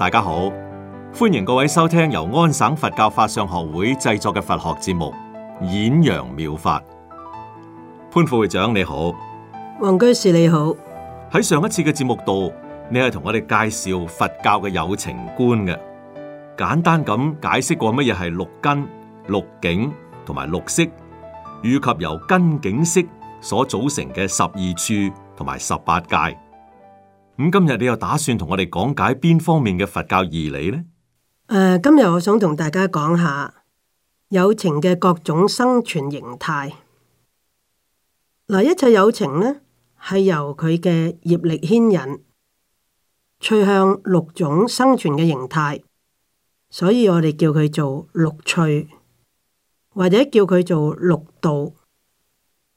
大家好，歡迎各位收聽由安省佛教法相學會製作嘅佛學節目《演揚妙，妙法》。潘副會長你好，黃居士你好。喺上一次嘅節目度，你係同我哋介紹佛教嘅有情觀嘅，簡單咁解釋過乜嘢係六根、六境同埋六色，以及由根境色所組成嘅十二處同埋十八界。咁今日你又打算同我哋講解邊方面嘅佛教義理呢？呃、今日我想同大家講下有情嘅各種生存形態。嗱、呃，一切有情呢，係由佢嘅業力牽引，趨向六種生存嘅形態，所以我哋叫佢做六趣，或者叫佢做六道。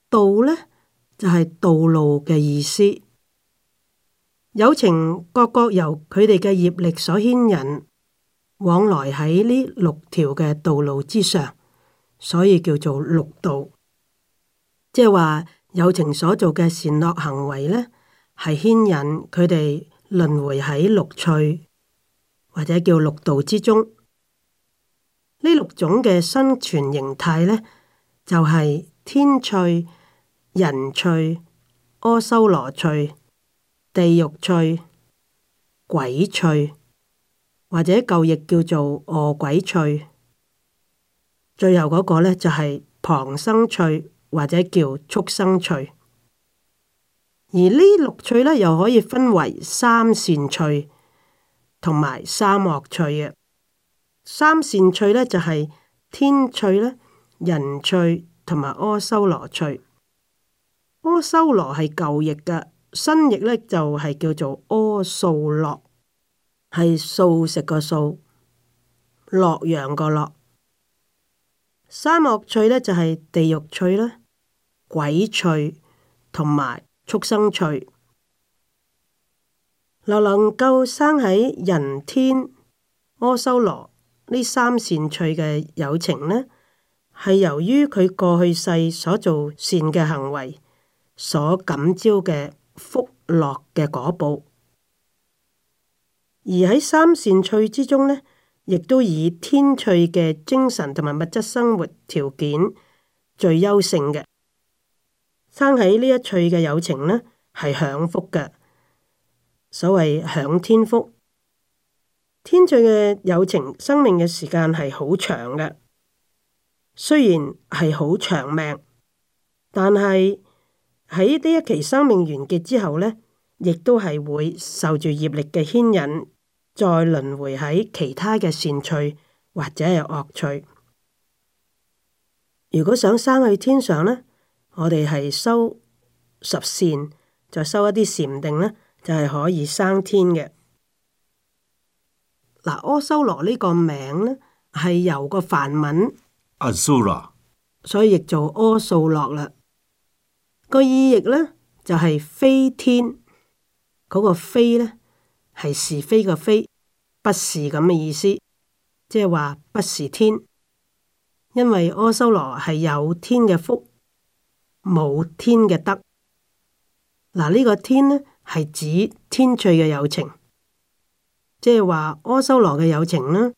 道呢，就係、是、道路嘅意思。有情各各由佢哋嘅業力所牽引，往來喺呢六條嘅道路之上，所以叫做六道。即係話有情所做嘅善惡行為呢，係牽引佢哋輪回喺六趣，或者叫六道之中。呢六種嘅生存形態呢，就係天趣、人趣、阿修羅趣。地獄趣、鬼趣，或者舊譯叫做餓鬼趣。最後嗰個呢，就係、是、旁生趣，或者叫畜生趣。而呢六趣呢，又可以分為三善趣同埋三惡趣啊。三善趣呢，就係、是、天趣咧、人趣同埋阿修羅趣。阿修羅係舊譯㗎。新譯呢，就係、是、叫做阿素洛，係素食個素，洛陽個洛。三惡趣呢，就係、是、地獄趣啦、鬼趣同埋畜生趣。那能夠生喺人天、阿修羅呢三善趣嘅有情呢，係由於佢過去世所做善嘅行為所感召嘅。福樂嘅果報，而喺三善趣之中呢，亦都以天趣嘅精神同埋物質生活條件最優勝嘅。生喺呢一趣嘅有情呢，係享福嘅，所謂享天福。天趣嘅有情，生命嘅時間係好長嘅，雖然係好長命，但係。喺呢一期生命完結之後呢，亦都係會受住業力嘅牽引，再輪迴喺其他嘅善趣或者係惡趣。如果想生去天上呢，我哋係修十善，再修一啲禪定呢就係、是、可以生天嘅。嗱，阿修羅呢個名呢，係由個梵文阿修羅，Asura. 所以亦做阿素羅啦。個意譯呢，就係非天嗰個非呢係是非嘅、那個、非，非，非，不是咁嘅意思，即係話不是天，因為阿修羅係有天嘅福，冇天嘅德。嗱，呢個天呢，係指天趣嘅有情，即係話阿修羅嘅有情呢，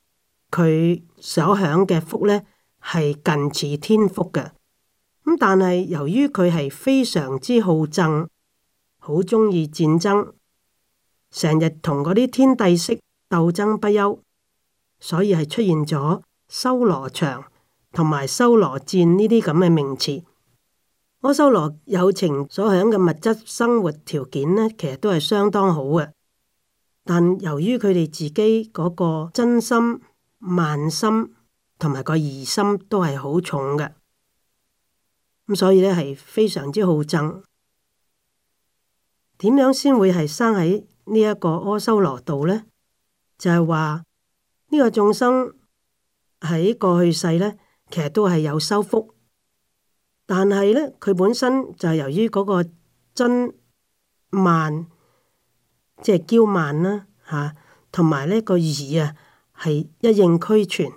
佢所享嘅福呢，係近似天福嘅。咁但係由於佢係非常之好憎，好鍾意戰爭，成日同嗰啲天帝式鬥爭不休，所以係出現咗修羅場同埋修羅戰呢啲咁嘅名詞。阿修羅有情所享嘅物質生活條件呢，其實都係相當好嘅，但由於佢哋自己嗰個真心、慢心同埋個疑心都係好重嘅。咁所以呢，係非常之好憎，點樣先會係生喺呢一個阿修羅道呢？就係話呢個眾生喺過去世呢，其實都係有修福，但係呢，佢本身就由於嗰個真慢，即係驕慢啦嚇，同埋呢個義啊係一應俱全，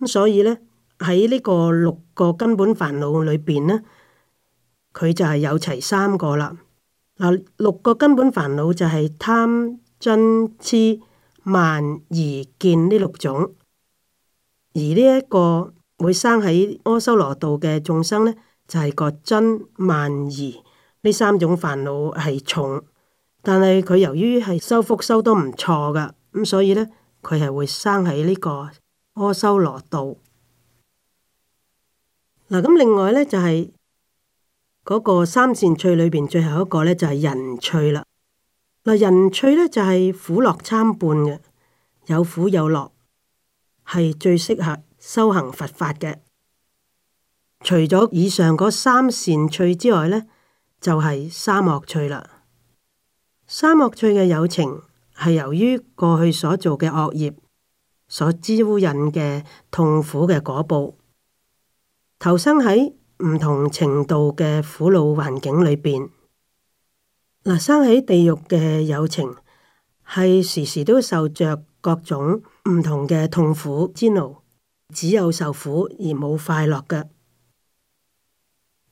咁所以呢。喺呢個六個根本煩惱裏邊呢，佢就係有齊三個啦。嗱，六個根本煩惱就係貪、瞋、痴、慢、疑、見呢六種。而呢一個會生喺阿修羅道嘅眾生呢，就係、是、個瞋慢疑。呢三種煩惱係重，但係佢由於係修福修得唔錯嘅，咁所以呢，佢係會生喺呢個阿修羅道。嗱，咁另外咧就係嗰個三善趣裏邊最後一個咧就係人趣啦。嗱，人趣咧就係苦樂參半嘅，有苦有樂，係最適合修行佛法嘅。除咗以上嗰三善趣之外咧，就係三惡趣啦。三惡趣嘅有情係由於過去所做嘅惡業所招引嘅痛苦嘅果報。投生喺唔同程度嘅苦惱環境裏邊，嗱，生喺地獄嘅有情係時時都受着各種唔同嘅痛苦煎熬，只有受苦而冇快樂嘅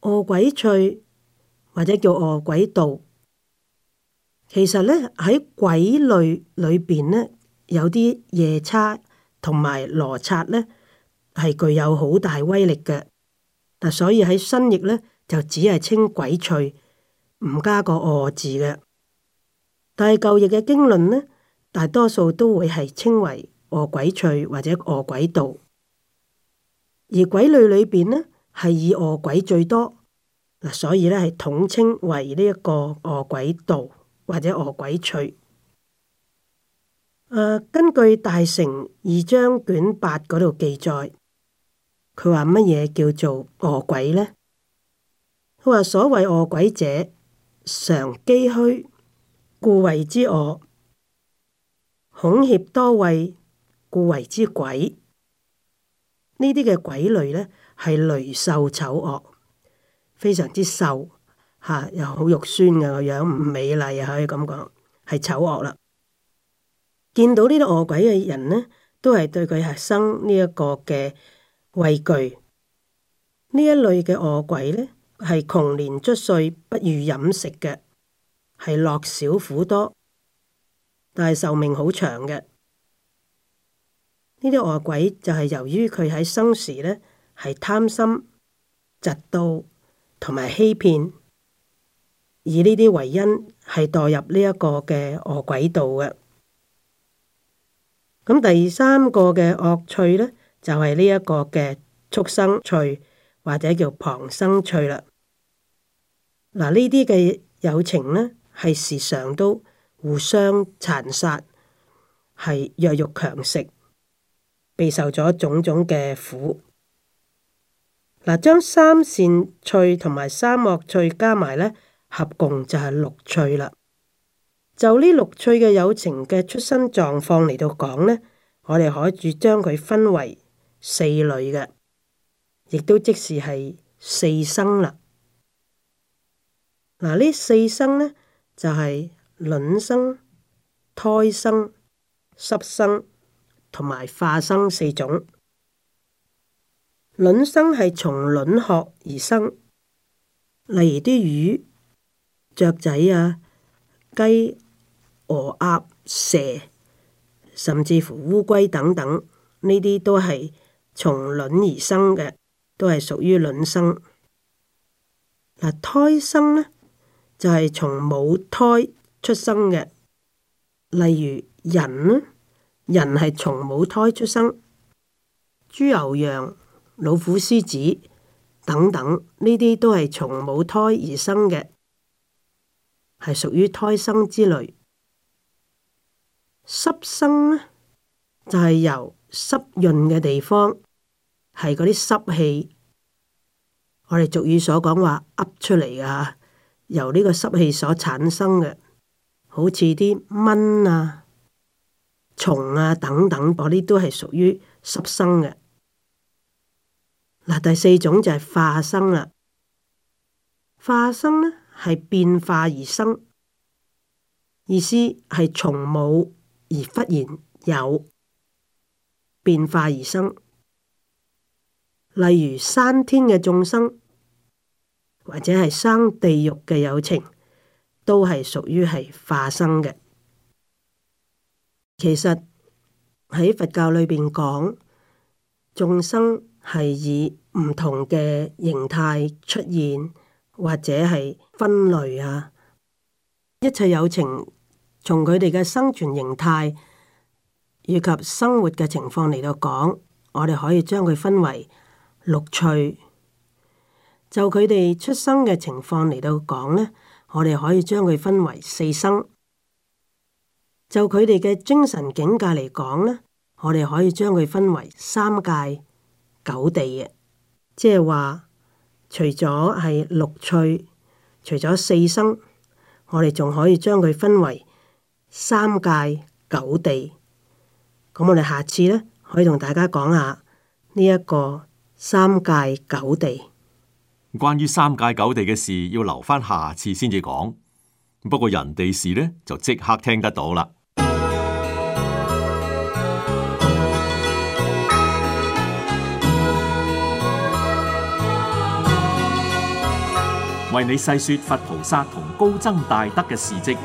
餓鬼趣或者叫餓鬼道。其實呢，喺鬼類裏邊呢，有啲夜叉同埋羅剎呢，係具有好大威力嘅。嗱，所以喺新譯咧就只係稱鬼趣，唔加個餓字嘅。但係舊譯嘅經論咧，大多數都會係稱為餓鬼趣或者餓鬼道。而鬼類裏邊咧係以餓鬼最多，嗱，所以咧係統稱為呢一個餓鬼道或者餓鬼趣，啊。根據大乘二章卷八嗰度記載。佢話乜嘢叫做餓鬼呢？佢話所謂餓鬼者，常饑虛，故謂之餓；恐怯多畏，故謂之鬼。呢啲嘅鬼類呢，係雷瘦醜惡，非常之瘦嚇、啊，又好肉酸嘅個樣，唔美麗可以咁講，係醜惡啦。見到呢啲餓鬼嘅人呢，都係對佢係生呢一個嘅。畏懼呢一類嘅餓鬼呢係窮年卒歲不如飲食嘅，係樂少苦多，但係壽命好長嘅。呢啲餓鬼就係由於佢喺生時呢係貪心、嫉妒同埋欺騙，以呢啲為因，係墮入呢一個嘅餓鬼道嘅。咁第三個嘅惡趣呢？就係呢一個嘅畜生趣或者叫旁生趣啦。嗱，呢啲嘅有情呢，係時常都互相殘殺，係弱肉強食，備受咗種種嘅苦。嗱，將三善趣同埋三惡趣加埋呢，合共就係六趣啦。就呢六趣嘅有情嘅出生狀況嚟到講呢，我哋可以將佢分為，四類嘅，亦都即是係四生啦。嗱，呢四生呢，就係卵生、胎生、濕生同埋化生四種。卵生係從卵殼而生，例如啲魚、雀仔啊、雞、鵝、鴨、蛇，甚至乎烏龜等等，呢啲都係。從卵而生嘅都係屬於卵生。胎生呢，就係從母胎出生嘅，例如人，人係從母胎出生；豬、牛、羊、老虎、獅子等等，呢啲都係從母胎而生嘅，係屬於胎生之類。濕生呢，就係由濕潤嘅地方。係嗰啲濕氣，我哋俗語所講話噏出嚟嘅吓，由呢個濕氣所產生嘅，好似啲蚊啊、蟲啊等等，嗰啲都係屬於濕生嘅。嗱，第四種就係化生啦，化生呢係變化而生，意思係從冇而忽然有，變化而生。例如生天嘅眾生，或者係生地獄嘅有情，都係屬於係化生嘅。其實喺佛教裏邊講眾生係以唔同嘅形態出現或者係分類啊。一切有情，從佢哋嘅生存形態以及生活嘅情況嚟到講，我哋可以將佢分為。六趣，就佢哋出生嘅情況嚟到講，呢我哋可以將佢分為四生；就佢哋嘅精神境界嚟講，呢我哋可以將佢分為三界九地嘅，即係話除咗係六趣，除咗四生，我哋仲可以將佢分為三界九地。咁我哋下次呢可以同大家講下呢一個。三界九地，關於三界九地嘅，事要留翻下次先至講。不過人哋事呢，就即刻聽得到啦。為你細說佛菩薩同高僧大德嘅事蹟，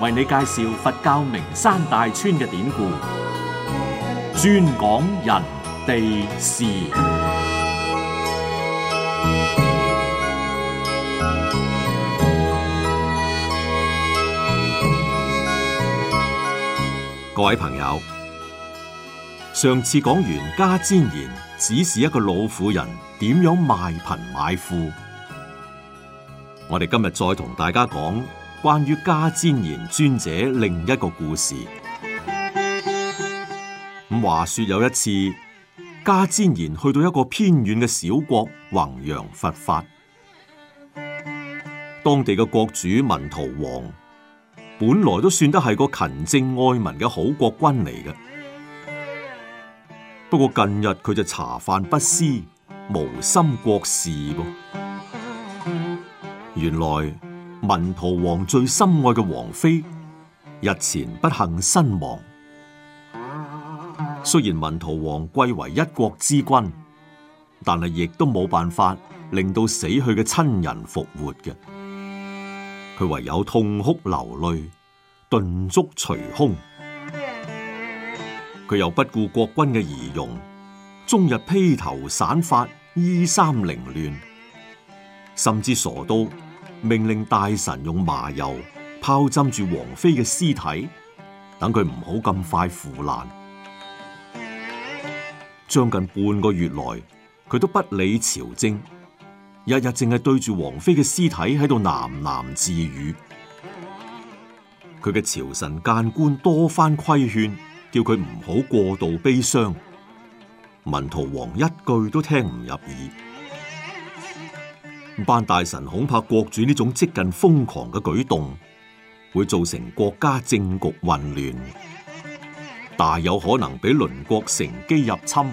為你介紹佛教名山大川嘅典故，專講人。地事，各位朋友，上次講完迦旃延，只是一個老婦人點樣賣貧買富，我哋今日再同大家講關於迦旃延尊者另一個故事。咁話說有一次。迦旃延去到一個偏遠嘅小國弘揚佛法，當地嘅國主文荼王本來都算得係個勤政愛民嘅好國君嚟嘅，不過近日佢就茶飯不思，無心國事噃。原來文荼王最深愛嘅王妃日前不幸身亡。雖然文荼王貴為一國之君，但係亦都冇辦法令到死去嘅親人復活嘅。佢唯有痛哭流淚，頓足捶胸。佢又不顧國君嘅儀容，終日披頭散髮、衣衫凌亂，甚至傻到命令大臣用麻油泡浸住王妃嘅屍體，等佢唔好咁快腐爛。將近半個月來，佢都不理朝政，日日淨係對住王妃嘅屍體喺度喃喃自語。佢嘅朝臣諫官多番規勸，叫佢唔好過度悲傷，文荼王一句都聽唔入耳。班大臣恐怕國主呢種接近瘋狂嘅舉動，會造成國家政局混亂，大有可能俾鄰國乘機入侵。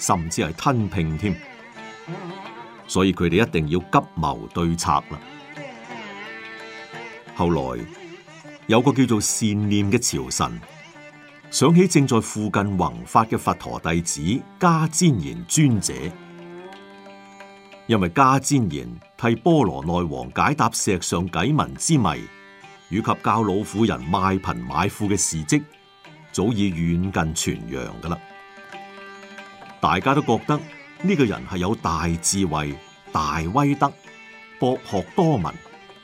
甚至係吞併添，所以佢哋一定要急謀對策啦。後來有個叫做善念嘅朝臣，想起正在附近弘法嘅佛陀弟子迦旃延尊者，因為迦旃延替波羅奈王解答石上偈文之謎，以及教老婦人賣貧買富嘅事蹟，早已遠近傳揚噶啦。大家都覺得呢、這個人係有大智慧，大威德，博學多聞，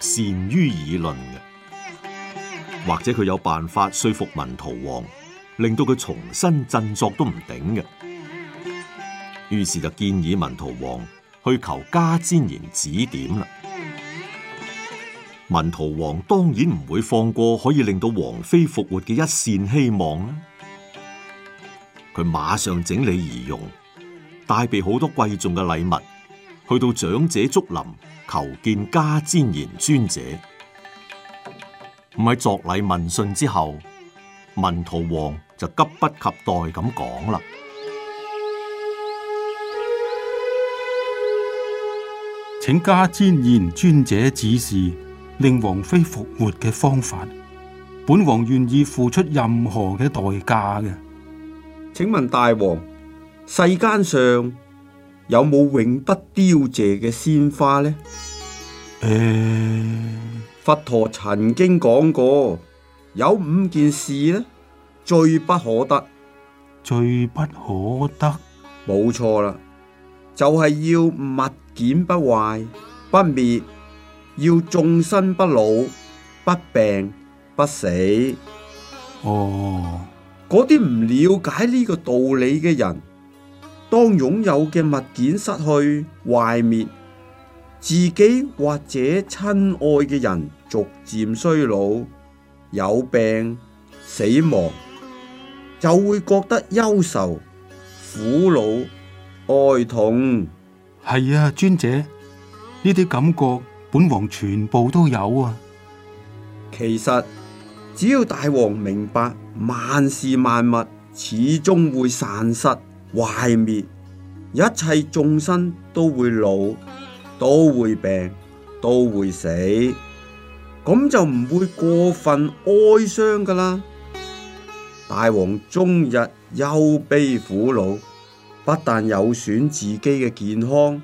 善於議論嘅，或者佢有辦法說服文荼王，令到佢重新振作都唔頂嘅。於是就建議文荼王去求迦旃延指點啦。文荼王當然唔會放過可以令到王妃復活嘅一線希望啦。佢馬上整理儀容，帶備好多貴重嘅禮物，去到長者竹林求見迦旃延尊者。唔係作禮問訊之後，文荼王就急不及待咁講啦，請迦旃延尊者指示令王妃復活嘅方法，本王願意付出任何嘅代價嘅。請問大王，世間上有冇永不凋謝嘅鮮花呢？欸、佛陀曾經講過，有五件事呢，最不可得，最不可得，冇錯啦，就係、是、要物件不壞不滅，要眾生不老不病不死。哦。嗰啲唔了解呢個道理嘅人，當擁有嘅物件失去、壞滅，自己或者親愛嘅人逐漸衰老、有病、死亡，就會覺得憂愁、苦惱、哀痛。係啊，尊者，呢啲感覺本王全部都有啊。其實只要大王明白。萬事萬物始終會散失壞滅，一切眾生都會老，都會病，都會死，咁就唔會過分哀傷噶啦。大王終日憂悲苦惱，不但有損自己嘅健康，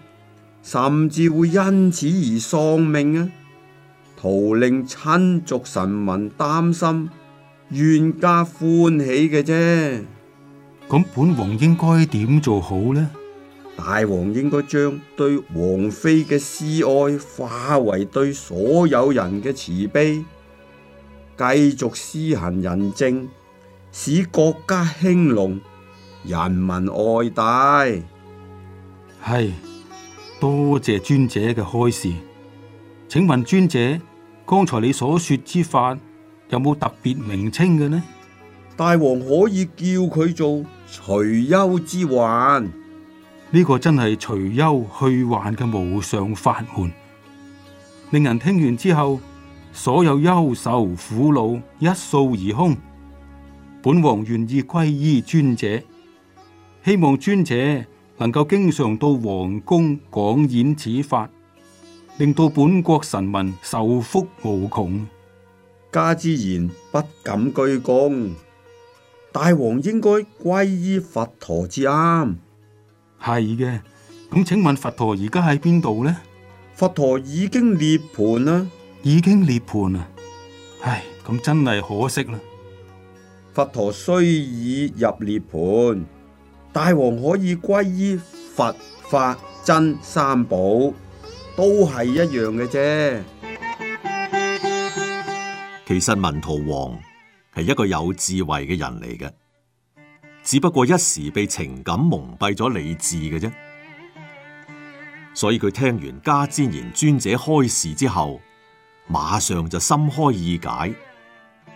甚至會因此而喪命啊！徒令親族臣民擔心。怨家歡喜嘅啫，咁本王應該點做好呢？大王應該將對王妃嘅私愛化為對所有人嘅慈悲，繼續施行仁政，使國家興隆，人民愛戴。係，多謝尊者嘅開示，請問尊者，剛才你所說之法，有冇特別名稱嘅呢？大王可以叫佢做除憂之患，呢個真係除憂去患嘅無上法門，令人聽完之後所有憂愁苦惱一掃而空。本王願意皈依尊者，希望尊者能夠經常到皇宮講演此法，令到本國臣民受福無窮。家之言不敢居功，大王應該歸依佛陀至啱。係嘅，咁請問佛陀而家喺邊度呢？佛陀已經涅槃啦，已經涅槃啦。唉，咁真係可惜啦。佛陀雖已入涅槃，大王可以歸依佛法真三寶，都係一樣嘅啫。其實文荼王係一個有智慧嘅人嚟嘅，只不過一時被情感蒙蔽咗理智嘅啫。所以佢聽完迦旃延尊者開示之後，馬上就心開意解，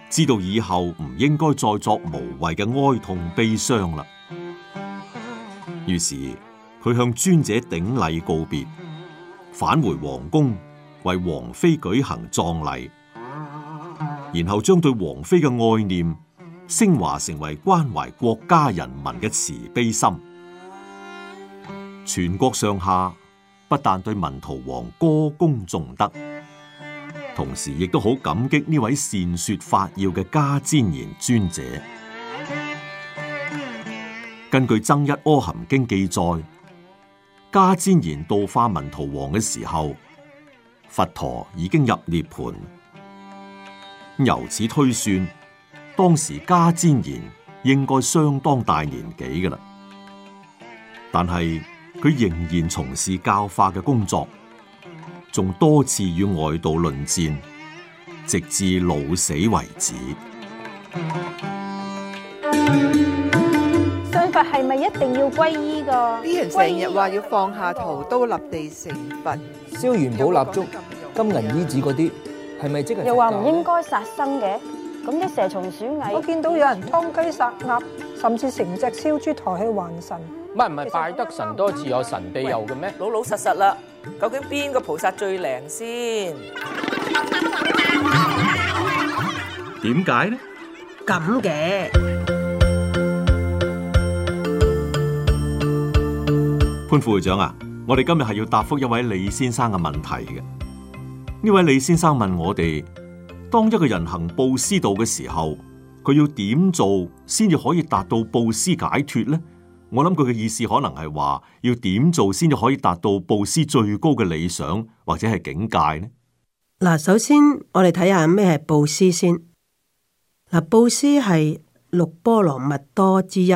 知道以後唔應該再作無謂嘅哀痛悲傷啦。於是佢向尊者頂禮告別，返回皇宮為王妃舉行葬禮。然後將對王妃嘅愛念昇華成為關懷國家人民嘅慈悲心。全國上下不但對文荼王歌功頌德，同時亦都好感激呢位善說法要嘅迦旃延尊者。根據《增一阿含經》記載，迦旃延度化文荼王嘅時候，佛陀已經入涅槃。由此推算，當時迦旃延應該相當大年紀噶啦，但係佢仍然從事教化嘅工作，仲多次與外道論戰，直至老死為止。信佛係咪一定要皈依㗎？啲人成日話要放下屠刀立地成佛，燒元寶蠟燭、金銀衣紙嗰啲。又話唔應該殺生嘅，咁啲蛇蟲鼠蟻，我見到有人劏雞殺鴨，甚至成隻燒豬抬去還神。唔係唔係，拜得神多自有神庇佑嘅咩？老老實實啦，究竟邊個菩薩最靈先？點解呢？咁嘅潘副會長啊，我哋今日係要答覆一位李先生嘅問題嘅。呢位李先生問我哋，當一個人行布施道嘅時候，佢要點做先至可以達到布施解脫呢？我諗佢嘅意思可能係話要點做先至可以達到布施最高嘅理想或者係境界呢？嗱，首先我哋睇下咩係布施先。嗱，布施係六波羅蜜多之一，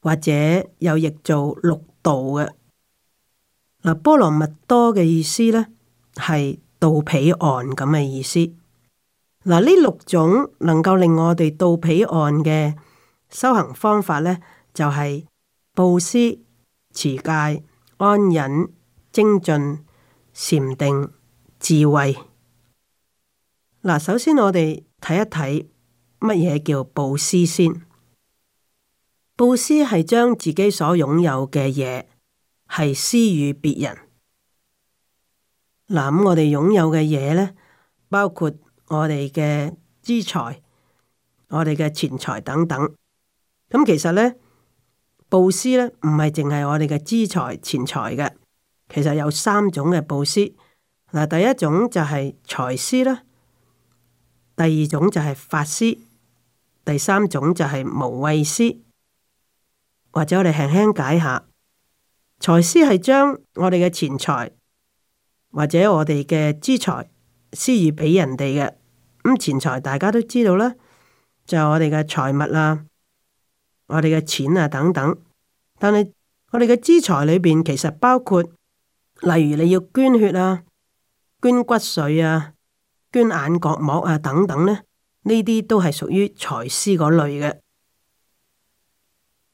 或者有譯做六度嘅。嗱，波羅蜜多嘅意思呢，係。到彼岸咁嘅意思，嗱，呢六種能夠令我哋到彼岸嘅修行方法呢，就係布施、持戒、安忍、精進、禪定、智慧。嗱，首先我哋睇一睇乜嘢叫布施先。布施係將自己所擁有嘅嘢係施予別人。嗱，咁我哋擁有嘅嘢呢，包括我哋嘅資財、我哋嘅錢財等等。咁其實呢，布施呢唔係淨係我哋嘅資財、錢財嘅，其實有三種嘅布施。嗱，第一種就係財施啦，第二種就係法施，第三種就係無畏施。或者我哋輕輕解下，財施係將我哋嘅錢財。或者我哋嘅資財施予畀人哋嘅。咁錢財，大家都知道啦，就係、我哋嘅財物啦、啊，我哋嘅錢啊等等。但係我哋嘅資財裏邊其實包括例如你要捐血啊、捐骨髓啊、捐眼角膜啊等等呢，呢啲都係屬於財施嗰類嘅。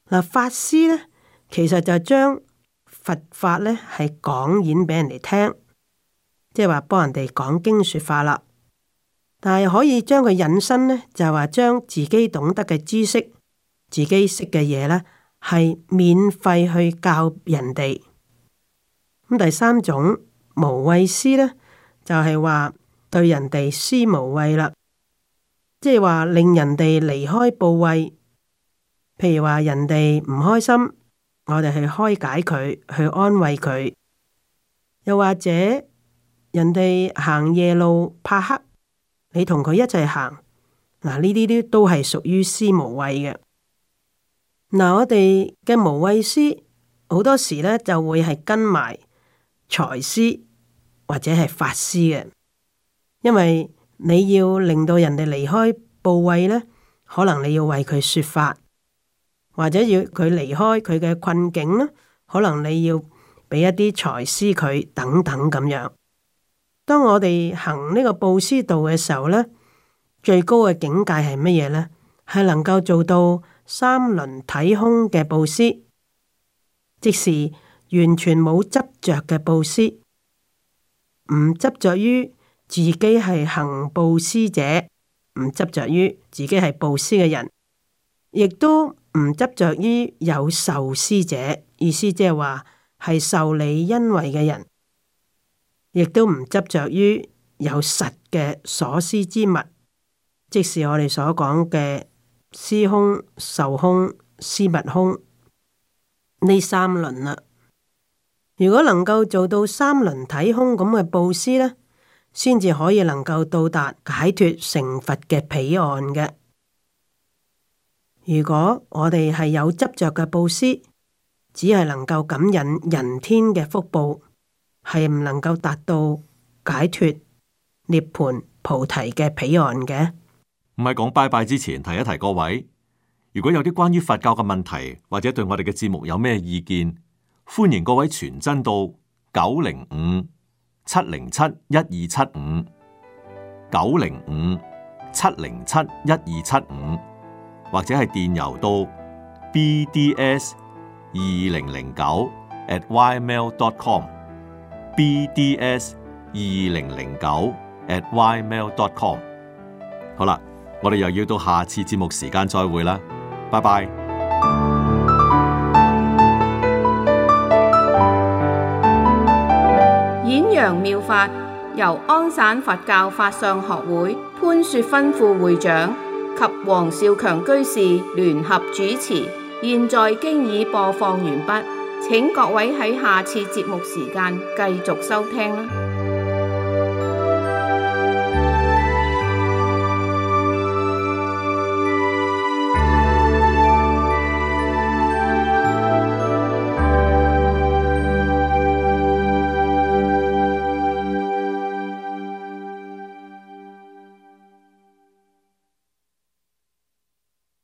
嗱，法師咧，其實就係將佛法咧係講演俾人哋聽。即係話幫人哋講經說法啦，但係可以將佢引申呢，呢就話、是、將自己懂得嘅知識、自己識嘅嘢呢，係免費去教人哋。咁第三種無畏施呢，就係、是、話對人哋施無畏啦，即係話令人哋離開怖畏，譬如話人哋唔開心，我哋去開解佢，去安慰佢，又或者。人哋行夜路怕黑，你同佢一齊行，嗱呢啲都都係屬於施無畏嘅。嗱，我哋嘅無畏施好多時咧就會係跟埋財施或者係法施嘅，因為你要令到人哋離開怖畏咧，可能你要為佢說法，或者要佢離開佢嘅困境啦，可能你要俾一啲財施佢等等咁樣。當我哋行呢個布施道嘅時候呢，最高嘅境界係乜嘢呢？係能夠做到三輪體空嘅布施，即是完全冇執着嘅布施，唔執着於自己係行布施者，唔執着於自己係布施嘅人，亦都唔執着於有受施者。意思即係話，係受你恩惠嘅人。亦都唔執着於有實嘅所思之物，即是我哋所講嘅思空、受空、思物空呢三輪啦。如果能夠做到三輪體空咁嘅布施咧，先至可以能夠到達解脫成佛嘅彼岸嘅。如果我哋係有執着嘅布施，只係能夠感應人天嘅福報。係唔能夠達到解脫涅槃菩提嘅彼岸嘅。唔係，講拜拜之前提一提各位，如果有啲關於佛教嘅問題或者對我哋嘅節目有咩意見，歡迎各位傳真到九零五七零七一二七五九零五七零七一二七五，75, 75, 或者係電郵到 bds 二零零九 atymail.com。At BDS 二零零九 at Ymail.com 好啦，我哋又要到下次節目時間再會啦，拜拜。演揚妙法由安省佛教法相學會潘雪芬副會長及黃少強居士聯合主持，現在經已播放完畢。請各位喺下次節目時間繼續收聽。